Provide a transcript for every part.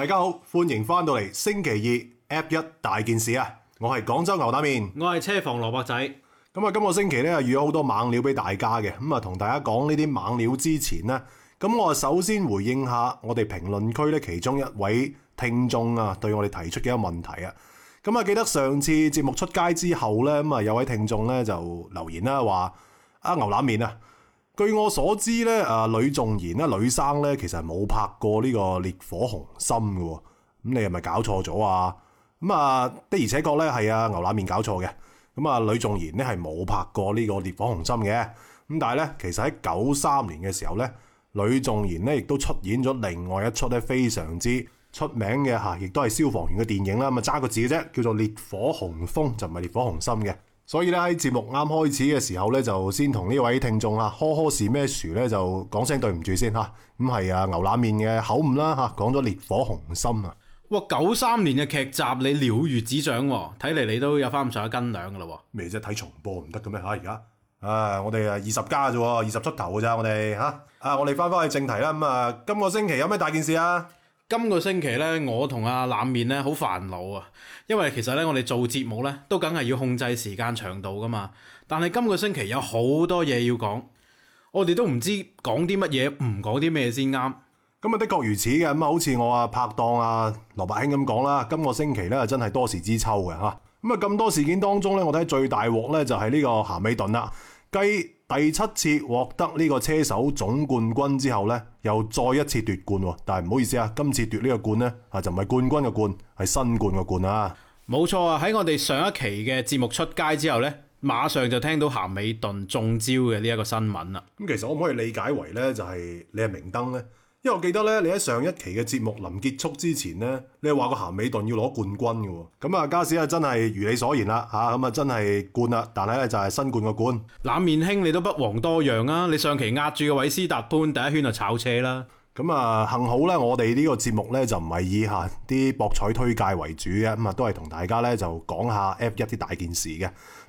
大家好，歡迎翻到嚟星期二 F1 一大件事啊！我係廣州牛腩麵，我係車房蘿蔔仔。咁啊、嗯，今個星期咧，預咗好多猛料俾大家嘅。咁、嗯、啊，同大家講呢啲猛料之前咧，咁、嗯、我首先回應下我哋評論區咧其中一位聽眾啊，對我哋提出嘅一個問題啊。咁、嗯、啊，記得上次節目出街之後咧，咁、嗯、啊有位聽眾咧就留言啦，話啊牛腩麵啊。據我所知咧，阿呂頌賢咧，呂生咧，其實冇拍過呢、這個《烈火雄心》噶，咁、嗯、你係咪搞錯咗、嗯、啊？咁啊的而且確咧係啊，牛腩麵搞錯嘅，咁啊呂頌賢咧係冇拍過呢、這個《烈火雄心》嘅，咁但係咧，其實喺九三年嘅時候咧，呂頌賢咧亦都出演咗另外一出咧非常之出名嘅，吓，亦都係消防員嘅電影啦，咁啊揸個字嘅，啫，叫做《烈火雄風》，就唔係《烈火雄心》嘅。所以咧喺節目啱開始嘅時候咧，就先同呢位聽眾啊，呵呵是咩薯咧就講聲對唔住先吓。咁、啊、係啊，牛腩麵嘅口誤啦吓，講、啊、咗烈火雄心啊。哇，九三年嘅劇集你了如指掌、哦，睇嚟你都有翻咁上下斤兩噶啦。咩啫，睇重播唔得嘅咩？吓、啊，而家啊，我哋啊二十加啫，二十出頭噶咋，我哋吓啊，我哋翻返去正題啦。咁啊，今、個星期有咩大件事啊？今個星期咧，我同阿冷面咧好煩惱啊，因為其實咧我哋做節目咧都梗係要控制時間長度㗎嘛。但係今個星期有好多嘢要講，我哋都唔知講啲乜嘢，唔講啲咩先啱。咁啊，的確如此嘅。咁啊，好似我啊拍檔啊羅伯興咁講啦，今個星期咧真係多事之秋嘅嚇。咁啊，咁多事件當中咧，我睇最大鑊咧就係呢個咸美頓啦，雞。第七次獲得呢個車手總冠軍之後呢，又再一次奪冠，但係唔好意思啊，今次奪呢個冠呢，啊就唔係冠軍嘅冠，係新冠嘅冠啦。冇錯啊，喺我哋上一期嘅節目出街之後呢，馬上就聽到咸美頓中招嘅呢一個新聞啦。咁其實我可唔可以理解為呢，就係、是、你係明燈呢？因為我記得咧，你喺上一期嘅節目臨結束之前咧，你話個咸美頓要攞冠軍嘅，咁啊加士啊真係如你所言啦吓，咁啊真係冠啦，但係咧就係新冠嘅冠。腩麵兄你都不遑多讓啊，你上期壓住嘅韋斯特潘第一圈就炒車啦。咁啊，幸好啦，我哋呢個節目咧就唔係以吓啲博彩推介為主啊。咁啊都係同大家咧就講下 F 一啲大件事嘅。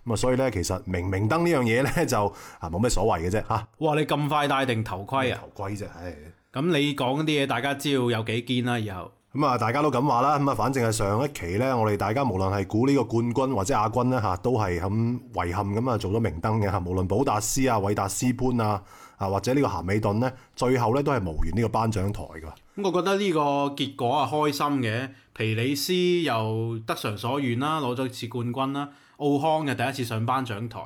咁啊，所以咧其實明明燈呢樣嘢咧就啊冇咩所謂嘅啫吓。啊、哇，你咁快戴定頭盔啊？頭盔啫，唉、哎。咁你講啲嘢，大家知道有幾堅啦。又咁啊，大家都咁話啦。咁啊，反正係上一期咧，我哋大家無論係估呢個冠軍或者亞軍啦，吓、啊，都係咁遺憾咁啊，做咗明燈嘅吓。無論保達斯啊、韋達斯潘啊啊，或者呢個咸美頓咧，最後咧都係無緣呢個頒獎台噶。咁、嗯、我覺得呢個結果啊開心嘅，皮里斯又得償所願啦，攞咗次冠軍啦，奧康又第一次上頒獎台。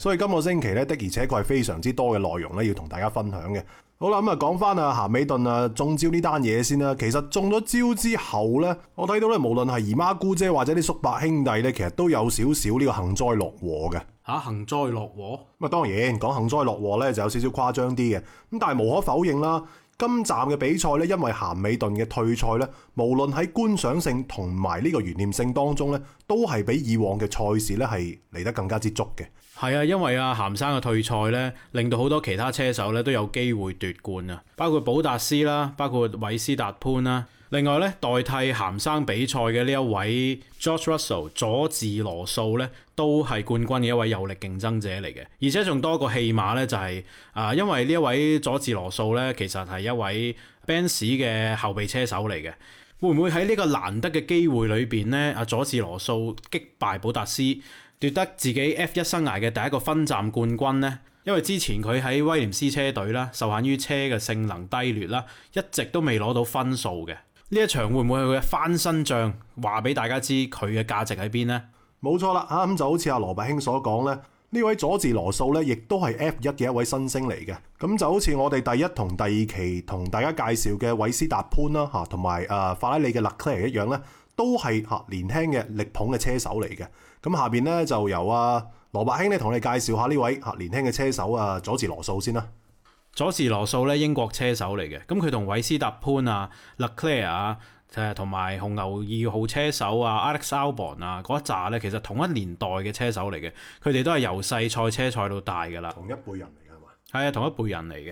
所以今個星期咧，的而且確係非常之多嘅內容咧，要同大家分享嘅。好啦，咁啊，講翻啊咸美頓啊中招呢單嘢先啦、啊。其實中咗招之後咧，我睇到咧，無論係姨媽姑姐或者啲叔伯兄弟咧，其實都有少少呢個幸災樂禍嘅吓。幸災樂禍咁啊，當然講幸災樂禍咧，就有少少誇張啲嘅咁，但係無可否認啦。今站嘅比賽咧，因為咸美頓嘅退賽咧，無論喺觀賞性同埋呢個懸念性當中咧，都係比以往嘅賽事咧係嚟得更加之足嘅。係啊，因為阿、啊、咸生嘅退賽咧，令到好多其他車手咧都有機會奪冠啊，包括保達斯啦，包括韋斯達潘啦、啊，另外咧代替咸生比賽嘅呢一位 George Russell 佐治羅素咧，都係冠軍嘅一位有力競爭者嚟嘅，而且仲多個戲碼咧就係、是、啊，因為呢一位佐治羅素咧其實係一位 Benz 嘅後備車手嚟嘅，會唔會喺呢個難得嘅機會裏邊咧，阿、啊、佐治羅素擊敗保達斯？奪得自己 F1 生涯嘅第一個分站冠軍呢？因為之前佢喺威廉斯車隊啦，受限於車嘅性能低劣啦，一直都未攞到分數嘅。呢一場會唔會佢嘅翻身仗？話俾大家知佢嘅價值喺邊呢？冇錯啦，啊咁就好似阿羅伯興所講咧，呢位佐治羅素咧，亦都係 F1 嘅一位新星嚟嘅。咁就好似我哋第一同第二期同大家介紹嘅韋斯達潘啦、啊，吓同埋誒法拉利嘅勒克萊一樣咧。都係嚇年輕嘅力捧嘅車手嚟嘅。咁下邊咧就由阿、啊、蘿蔔兄咧同你介紹下呢位嚇年輕嘅車手啊，佐治羅素先啦。佐治羅素咧，英國車手嚟嘅，咁佢同韋斯特潘啊、勒克萊啊誒同埋紅牛二號車手啊 Alex Albon 啊嗰一紮咧，其實同一年代嘅車手嚟嘅，佢哋都係由細賽車賽到大嘅啦，同一輩人嚟。係啊，同一輩人嚟嘅，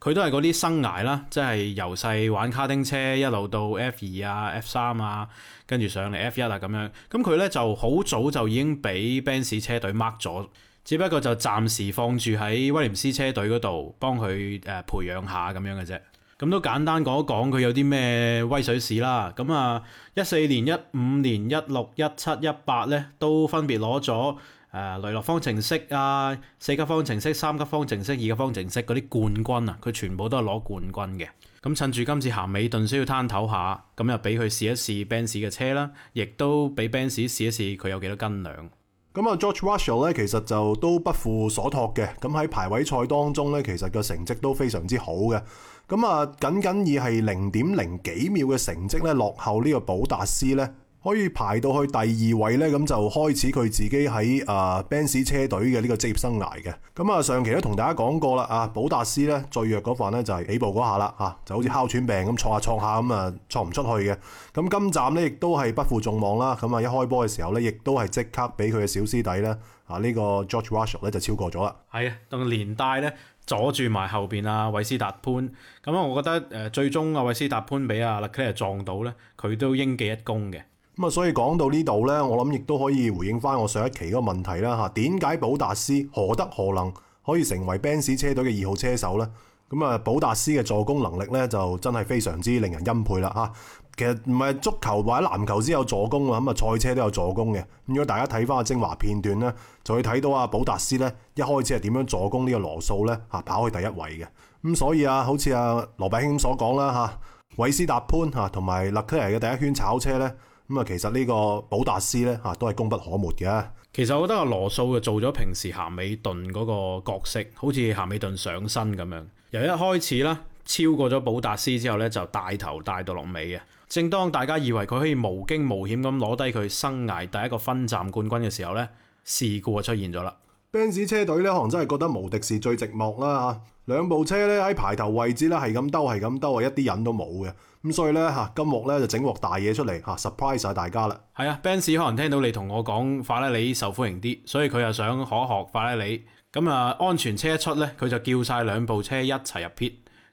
佢、嗯、都係嗰啲生涯啦，即係由細玩卡丁車，一路到 F 二啊、F 三啊，跟住上嚟 F 一啊咁樣。咁佢咧就好早就已經俾 Benz 車隊 mark 咗，只不過就暫時放住喺威廉斯車隊嗰度幫佢誒培養下咁樣嘅啫。咁都簡單講一講佢有啲咩威水史啦。咁啊，一四年、一五年、一六、一七、一八咧，都分別攞咗。誒、呃，雷諾方程式啊，四級方程式、三級方程式、二級方程式嗰啲冠軍啊，佢全部都係攞冠軍嘅。咁、嗯、趁住今次咸美頓需要攤抖下，咁又俾佢試一試 Benz 嘅車啦，亦都俾 Benz 試一試佢有幾多斤兩。咁、嗯、啊，George Russell、so, 咧其實就都不負所託嘅。咁、嗯、喺排位賽當中咧，其實個成績都非常之好嘅。咁、嗯、啊，僅僅以係零點零幾秒嘅成績咧，落後呢個寶達斯咧。可以排到去第二位咧，咁就開始佢自己喺啊 Benz 車隊嘅呢個職業生涯嘅。咁啊，上期都同大家講過啦，啊保達斯咧最弱嗰份咧就係起步嗰下啦，嚇、啊、就好似哮喘病咁，挫下挫下咁啊，挫唔出去嘅。咁今站咧亦都係不負眾望啦。咁啊，一開波嘅時候咧，亦都係即刻俾佢嘅小師弟咧啊呢、這個 George Russell 咧就超過咗啦。係啊，仲連帶咧阻住埋後邊啊，維斯塔潘咁啊，我覺得誒最終啊，維斯塔潘俾啊勒克尼撞到咧，佢都應記一功嘅。咁啊，所以講到呢度咧，我諗亦都可以回應翻我上一期嗰個問題啦。吓，點解保達斯何德何能可以成為 Benz 車隊嘅二號車手咧？咁啊，保達斯嘅助攻能力咧，就真係非常之令人欽佩啦。吓，其實唔係足球或者籃球先有助攻啊，咁啊賽車都有助攻嘅。咁如果大家睇翻個精華片段咧，就會睇到啊保達斯咧一開始係點樣助攻呢個羅素咧吓，跑去第一位嘅。咁所以啊，好似啊羅伯興所講啦吓，韋斯達潘吓，同埋勒克尼嘅第一圈炒車咧。咁啊，其實呢個保達斯咧吓都係功不可沒嘅。其實我覺得阿羅素就做咗平時咸美頓嗰個角色，好似咸美頓上身咁樣。由一開始啦，超過咗保達斯之後咧，就帶頭帶到落尾嘅。正當大家以為佢可以無驚無險咁攞低佢生涯第一個分站冠軍嘅時候咧，事故就出現咗啦。Benz 車隊咧可能真係覺得無敵是最寂寞啦吓，兩、啊、部車咧喺排頭位置咧係咁兜係咁兜，一啲人都冇嘅，咁所以咧吓今幕咧就整鑊大嘢出嚟，吓，surprise 晒大家啦。係啊，Benz 可能聽到你同我講法拉利受歡迎啲，所以佢又想學一學法拉利。咁啊，安全車一出咧，佢就叫晒兩部車一齊入 pit，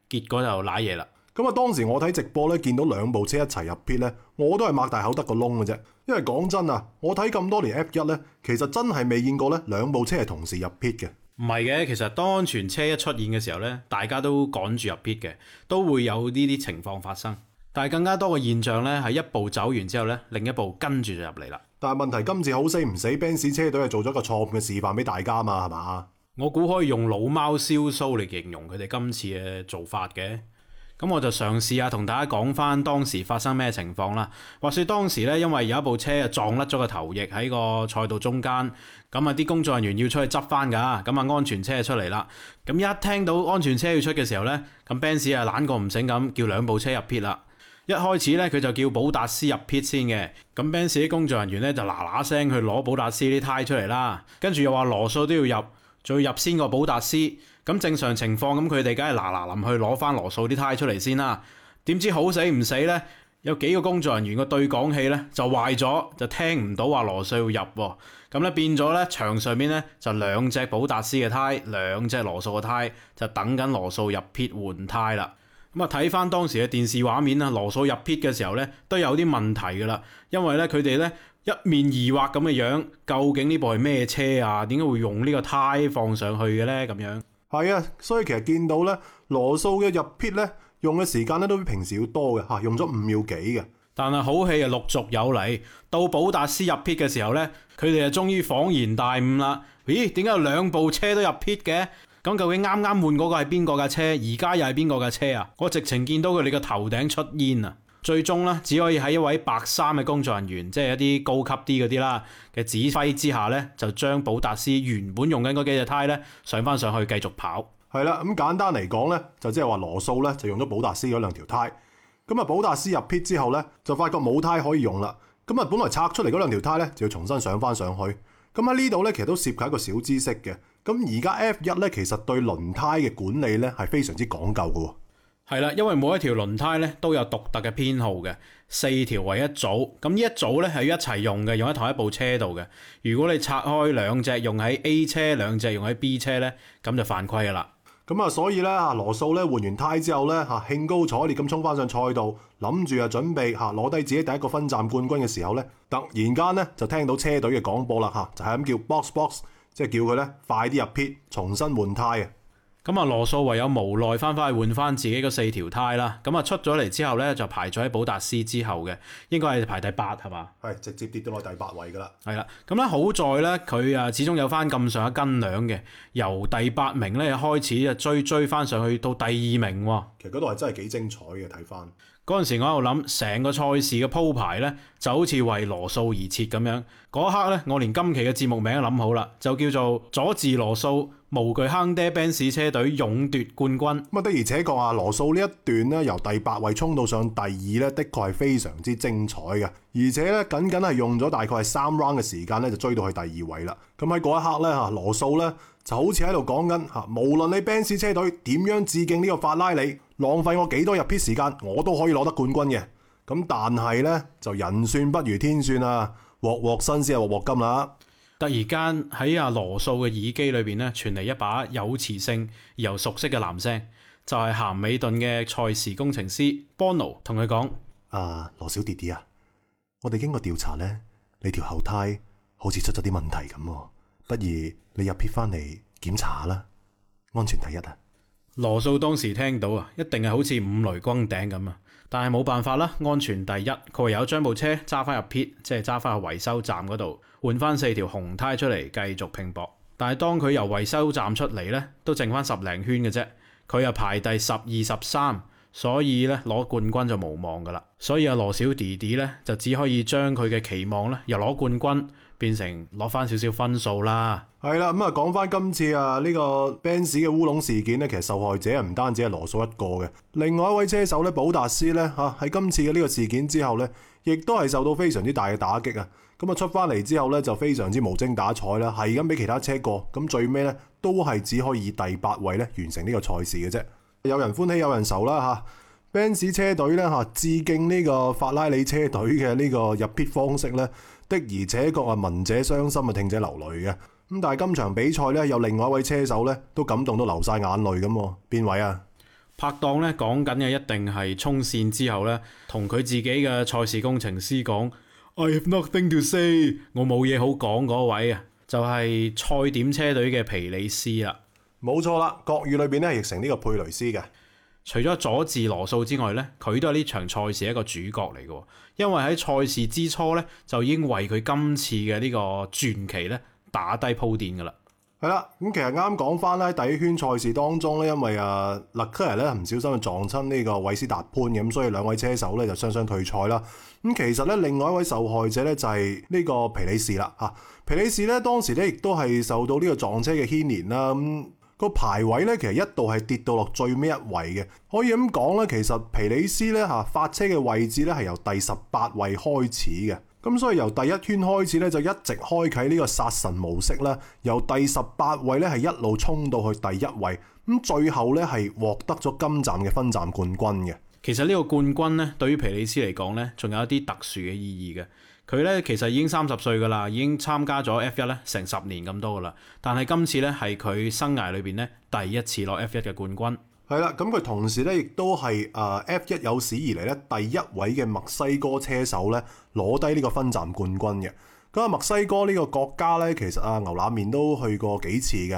結果就瀨嘢啦。咁啊，當時我睇直播咧，見到兩部車一齊入 pit 咧，我都係擘大口得個窿嘅啫。因為講真啊，我睇咁多年 F 一咧，其實真係未見過咧兩部車係同時入 pit 嘅。唔係嘅，其實當安全車一出現嘅時候咧，大家都趕住入 pit 嘅，都會有呢啲情況發生。但係更加多嘅現象咧，係一步走完之後咧，另一步跟住就入嚟啦。但係問題今次好死唔死，Benz 車隊係做咗個錯誤嘅示範俾大家嘛，係嘛？我估可以用老貓燒鬚嚟形容佢哋今次嘅做法嘅。咁我就嘗試下同大家講翻當時發生咩情況啦。話説當時咧，因為有一部車啊撞甩咗個頭翼喺個賽道中間，咁啊啲工作人員要出去執翻㗎，咁啊安全車出嚟啦。咁一聽到安全車要出嘅時候咧，咁 Benz 啊懶過唔醒咁叫兩部車入 p 啦。一開始咧佢就叫保達斯入 p 先嘅，咁 Benz 啲工作人員咧就嗱嗱聲去攞保達斯啲胎出嚟啦，跟住又話羅素都要入，仲要入先個保達斯。咁正常情況，咁佢哋梗係嗱嗱臨去攞翻羅素啲胎出嚟先啦。點知好死唔死咧？有幾個工作人員個對講器咧就壞咗，就聽唔到話羅素要入喎。咁咧變咗咧場上面咧就兩隻寶達斯嘅胎，兩隻羅素嘅胎就等緊羅素入撇換胎啦。咁啊睇翻當時嘅電視畫面啊，羅素入撇嘅時候咧都有啲問題㗎啦，因為咧佢哋咧一面疑惑咁嘅樣，究竟呢部係咩車啊？點解會用呢個胎放上去嘅咧？咁樣。係啊，所以其實見到咧羅素嘅入 pit 咧用嘅時間咧都比平時要多嘅吓、啊，用咗五秒幾嘅。但係好戲啊陸續有嚟，到寶達斯入 pit 嘅時候咧，佢哋啊終於恍然大悟啦！咦，點解有兩部車都入 pit 嘅？咁究竟啱啱換嗰個係邊個架車？而家又係邊個架車啊？我直情見到佢哋嘅頭頂出煙啊！最終咧，只可以喺一位白衫嘅工作人員，即係一啲高級啲嗰啲啦嘅指揮之下咧，就將保達斯原本用緊嗰幾隻胎咧上返上去繼續跑。係啦，咁、嗯、簡單嚟講咧，就即係話羅素咧就用咗保達斯嗰兩條胎。咁啊，保達斯入 pit 之後咧就發覺冇胎可以用啦。咁啊，本來拆出嚟嗰兩條胎咧就要重新上返上去。咁喺呢度咧，其實都涉及一個小知識嘅。咁而家 F 一咧其實對輪胎嘅管理咧係非常之講究㗎。係啦，因為每一條輪胎咧都有獨特嘅編號嘅，四條為一組，咁呢一組咧係要一齊用嘅，用喺同一部車度嘅。如果你拆開兩隻用喺 A 車，兩隻用喺 B 車咧，咁就犯規噶啦。咁啊，所以咧羅素咧換完胎之後咧吓，興高采烈咁衝翻上賽道，諗住啊準備吓攞低自己第一個分站冠軍嘅時候咧，突然間咧就聽到車隊嘅廣播啦吓，就係咁叫 box box，即係叫佢咧快啲入 pit 重新換胎啊！咁啊，羅素唯有無奈翻返去換翻自己嗰四條胎啦。咁啊，出咗嚟之後咧，就排咗喺寶達斯之後嘅，應該係排第八係嘛？係直接跌到落第八位噶啦。係啦，咁咧好在咧，佢啊始終有翻咁上下斤兩嘅，由第八名咧開始就追追翻上去到第二名喎。其實嗰度係真係幾精彩嘅，睇翻。嗰陣時我喺度諗，成個賽事嘅鋪排咧，就好似為羅素而設咁樣。嗰一刻咧，我連今期嘅節目名都諗好啦，就叫做《佐治羅素無懼坑爹 Benz 車隊勇奪冠軍》。咁啊，的而且確啊，羅素呢一段咧，由第八位衝到上第二咧，的確係非常之精彩嘅。而且咧，僅僅係用咗大概係三 round 嘅時間咧，就追到去第二位啦。咁喺嗰一刻咧，吓羅素咧就好似喺度講緊吓，無論你 Benz 車隊點樣致敬呢個法拉利，浪費我幾多入 P 時間，我都可以攞得冠軍嘅。咁但係咧，就人算不如天算啊，鑊鑊新鮮先係鑊鑊金啦。突然間喺阿羅素嘅耳機裏邊咧傳嚟一把有磁性又熟悉嘅男聲，就係、是、咸美頓嘅賽事工程師 Bono 同佢講，阿羅、啊、小弟弟啊，我哋經過調查咧，你條後胎好似出咗啲問題咁，不如你入 P 翻嚟檢查下啦，安全第一啊！羅素當時聽到啊，一定係好似五雷轟頂咁啊！但係冇辦法啦，安全第一。佢唯有將部車揸翻入 pit，即係揸翻去維修站嗰度換翻四條紅胎出嚟繼續拼搏。但係當佢由維修站出嚟咧，都剩翻十零圈嘅啫。佢又排第十二、十三，所以咧攞冠軍就無望噶啦。所以阿、啊、羅小弟弟咧就只可以將佢嘅期望咧又攞冠軍。變成攞翻少少分數啦。係啦，咁啊講翻今次啊呢個 Benz 嘅烏龍事件咧，其實受害者唔單止係羅素一個嘅，另外一位車手咧寶達斯咧吓喺今次嘅呢個事件之後咧，亦都係受到非常之大嘅打擊啊！咁啊出翻嚟之後咧就非常之無精打采啦，係咁俾其他車過，咁、啊、最尾咧都係只可以，以第八位咧完成呢個賽事嘅啫。有人歡喜有人愁啦吓，啊，Benz 車隊咧吓致敬呢個法拉利車隊嘅呢個入 pit 方式咧。的而且確啊，聞者傷心啊，聽者流淚嘅。咁但係今場比賽咧，有另外一位車手咧，都感動到流晒眼淚咁。邊位啊？拍檔咧講緊嘅一定係衝線之後咧，同佢自己嘅賽事工程師講，I have nothing to say，我冇嘢好講嗰位啊，就係賽點車隊嘅皮里斯啦。冇錯啦，國語裏邊咧譯成呢個佩雷斯嘅。除咗佐治羅素之外咧，佢都係呢場賽事一個主角嚟嘅，因為喺賽事之初咧，就已經為佢今次嘅呢個傳奇咧打低鋪墊嘅啦。係啦，咁、嗯、其實啱講翻咧，喺第一圈賽事當中咧，因為啊勒克爾咧唔小心撞親呢個韋斯達潘嘅，咁所以兩位車手咧就雙雙退賽啦。咁、嗯、其實咧，另外一位受害者咧就係、是、呢個皮里士啦嚇、啊，皮里士咧當時咧亦都係受到呢個撞車嘅牽連啦咁。嗯個排位咧，其實一度係跌到落最尾一位嘅，可以咁講咧。其實皮里斯咧吓，發車嘅位置咧係由第十八位開始嘅，咁所以由第一圈開始咧就一直開啟呢個殺神模式啦，由第十八位咧係一路衝到去第一位，咁最後咧係獲得咗今站嘅分站冠軍嘅。其實呢個冠軍咧，對於皮里斯嚟講咧，仲有一啲特殊嘅意義嘅。佢咧其實已經三十歲噶啦，已經參加咗 F 一咧成十年咁多噶啦，但係今次咧係佢生涯裏邊咧第一次攞 F 一嘅冠軍。係啦，咁佢同時咧亦都係啊 F 一有史以嚟咧第一位嘅墨西哥車手咧攞低呢個分站冠軍嘅。咁啊，墨西哥呢個國家咧，其實啊牛腩麵都去過幾次嘅。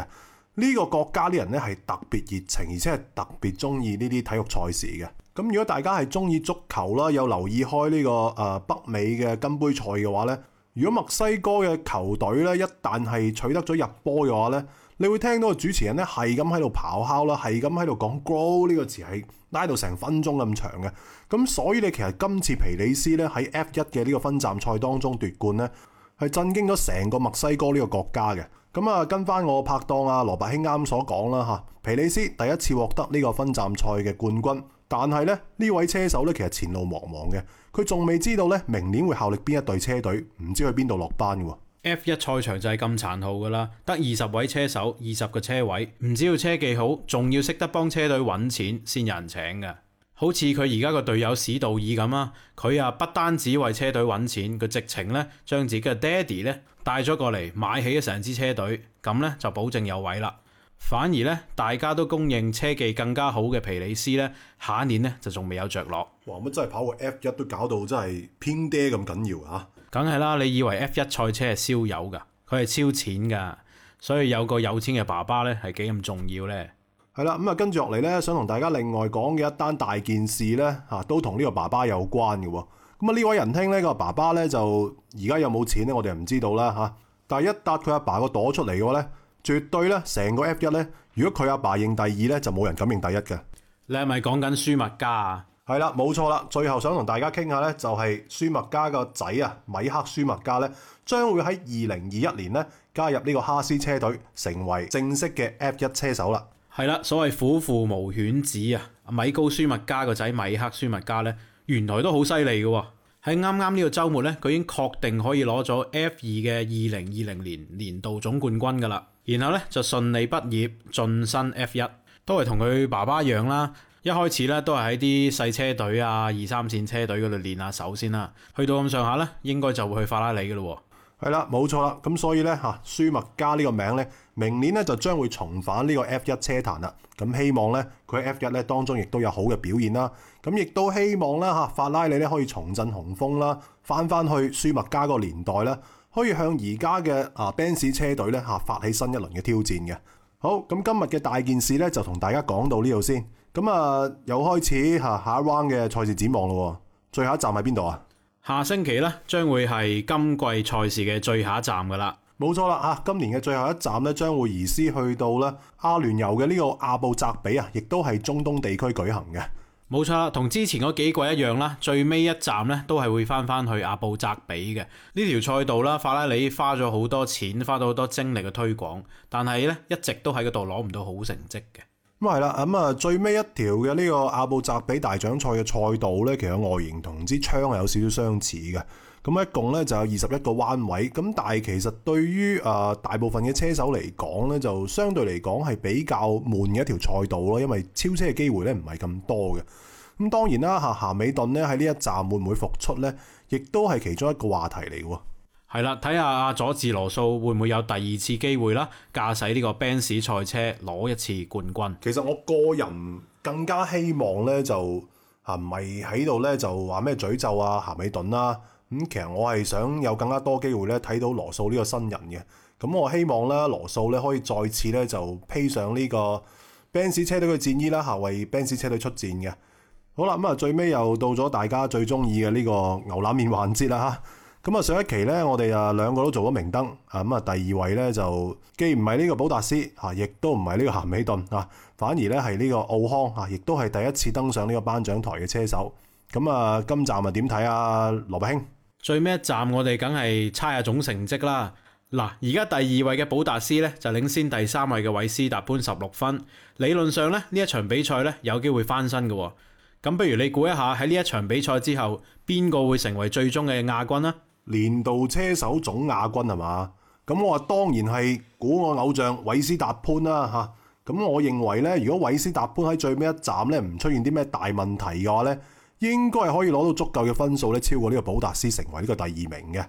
呢、這個國家啲人咧係特別熱情，而且係特別中意呢啲體育賽事嘅。咁如果大家係中意足球啦，有留意開、這、呢個誒、呃、北美嘅金杯賽嘅話咧，如果墨西哥嘅球隊咧，一旦係取得咗入波嘅話咧，你會聽到個主持人咧係咁喺度咆哮啦，係咁喺度講 grow 呢個詞係拉到成分鐘咁長嘅。咁所以咧，其實今次皮里斯咧喺 F 一嘅呢個分站賽當中奪冠咧，係震驚咗成個墨西哥呢個國家嘅。咁啊，跟翻我拍檔啊羅伯兄啱所講啦吓，皮里斯第一次獲得呢個分站賽嘅冠軍。但係咧，呢位車手咧，其實前路茫茫嘅，佢仲未知道咧，明年會效力邊一隊車隊，唔知去邊度落班嘅。F 一賽場就係咁殘酷噶啦，得二十位車手，二十個車位，唔只要車技好，仲要識得幫車隊揾錢先有人請嘅。好似佢而家個隊友史道爾咁啊，佢啊不單止為車隊揾錢，佢直情咧將自己嘅爹地咧帶咗過嚟，買起咗成支車隊，咁咧就保證有位啦。反而咧，大家都公認車技更加好嘅皮里斯咧，下一年咧就仲未有着落。哇！乜真係跑過 F 一都搞到真係拼爹咁緊要啊？梗係啦，你以為 F 一賽車係燒油噶？佢係燒錢噶，所以有個有錢嘅爸爸咧係幾咁重要咧？係啦，咁、嗯、啊跟住落嚟咧，想同大家另外講嘅一單大件事咧，嚇都同呢個爸爸有關嘅喎。咁啊呢位人聽呢個爸爸咧就而家有冇錢咧？我哋唔知道啦嚇、啊。但係一搭佢阿爸個朵出嚟嘅咧。絕對咧，成個 F 一咧，如果佢阿爸認第二咧，就冇人敢認第一嘅。你係咪講緊舒麥加啊？係啦，冇錯啦。最後想同大家傾下咧，就係舒麥加個仔啊，米克舒麥加咧，將會喺二零二一年咧加入呢個哈斯車隊，成為正式嘅 F 一車手啦。係啦，所謂虎父無犬子啊。米高舒麥加個仔米克舒麥加咧，原來都好犀利嘅喎。喺啱啱呢個週末咧，佢已經確定可以攞咗 F 二嘅二零二零年年，年度總冠軍噶啦。然後咧就順利畢業晉身 F 一，都係同佢爸爸一樣啦。一開始咧都係喺啲細車隊啊、二三線車隊嗰度練下手先啦。去到咁上下咧，應該就會去法拉利嘅咯。係啦，冇錯啦。咁所以咧吓，舒麥加呢個名咧，明年咧就將會重返呢個 F 一車壇啦。咁希望咧佢喺 F 一咧當中亦都有好嘅表現啦。咁亦都希望啦，吓，法拉利咧可以重振雄風啦，翻翻去舒麥加個年代啦。可以向而家嘅啊，Benz 車隊咧嚇發起新一輪嘅挑戰嘅好咁。今日嘅大件事咧，就同大家講到呢度先咁啊。又開始嚇下一 round 嘅賽事展望咯，最後一站喺邊度啊？下星期咧將會係今季賽事嘅最後一站噶啦，冇錯啦啊！今年嘅最後一站咧將會移師去到咧阿聯酋嘅呢個阿布扎比啊，亦都係中東地區舉行嘅。冇錯，同之前嗰幾季一樣啦，最尾一站咧都係會翻翻去阿布扎比嘅呢條賽道啦。法拉利花咗好多錢，花咗好多精力嘅推廣，但係咧一直都喺嗰度攞唔到好成績嘅。咁係啦，咁啊、嗯、最尾一條嘅呢個阿布扎比大獎賽嘅賽道咧，其實外形同支槍係有少少相似嘅。咁一共咧就有二十一個彎位，咁但係其實對於誒、呃、大部分嘅車手嚟講咧，就相對嚟講係比較悶嘅一條賽道咯，因為超車嘅機會咧唔係咁多嘅。咁當然啦，夏咸美頓咧喺呢一站會唔會復出咧，亦都係其中一個話題嚟嘅。係啦，睇下佐治羅素會唔會有第二次機會啦？駕駛呢個 Benz 賽車攞一次冠軍。其實我個人更加希望咧就啊，唔係喺度咧就話咩詛咒啊，鹹美頓啦。咁、嗯、其實我係想有更加多機會咧睇到羅素呢個新人嘅。咁我希望咧羅素咧可以再次咧就披上呢個 Benz 車隊嘅戰衣啦，嚇為 Benz 車隊出戰嘅。好啦，咁、嗯、啊最尾又到咗大家最中意嘅呢個牛腩麵環節啦嚇。咁啊，上一期咧，我哋啊兩個都做咗明燈啊。咁啊，第二位咧就既唔係呢個保達斯啊，亦都唔係呢個咸美頓啊，反而咧係呢個奧康啊，亦都係第一次登上呢個頒獎台嘅車手。咁啊，今站啊點睇啊，蘿蔔兄最尾一站，我哋梗係猜下總成績啦。嗱，而家第二位嘅保達斯咧就領先第三位嘅韋斯達潘十六分，理論上咧呢一場比賽咧有機會翻身嘅。咁不如你估一下喺呢一場比賽之後邊個會成為最終嘅亞軍呢？年度車手總亞軍係嘛？咁我話當然係估我偶像韋斯達潘啦吓，咁、啊、我認為咧，如果韋斯達潘喺最尾一站咧唔出現啲咩大問題嘅話咧，應該係可以攞到足夠嘅分數咧，超過呢個保達斯成為呢個第二名嘅。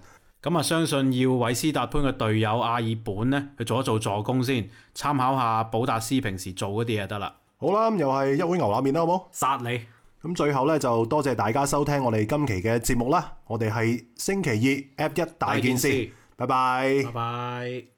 咁啊、嗯，相信要韋斯達潘嘅隊友阿爾本咧去做一做助攻先，參考下保達斯平時做嗰啲啊得啦。好啦，咁又係一碗牛腩麵啦，好冇？殺你！咁最後咧，就多謝大家收聽我哋今期嘅節目啦！我哋係星期二 F1 大件事，大件事拜拜，拜拜。拜拜。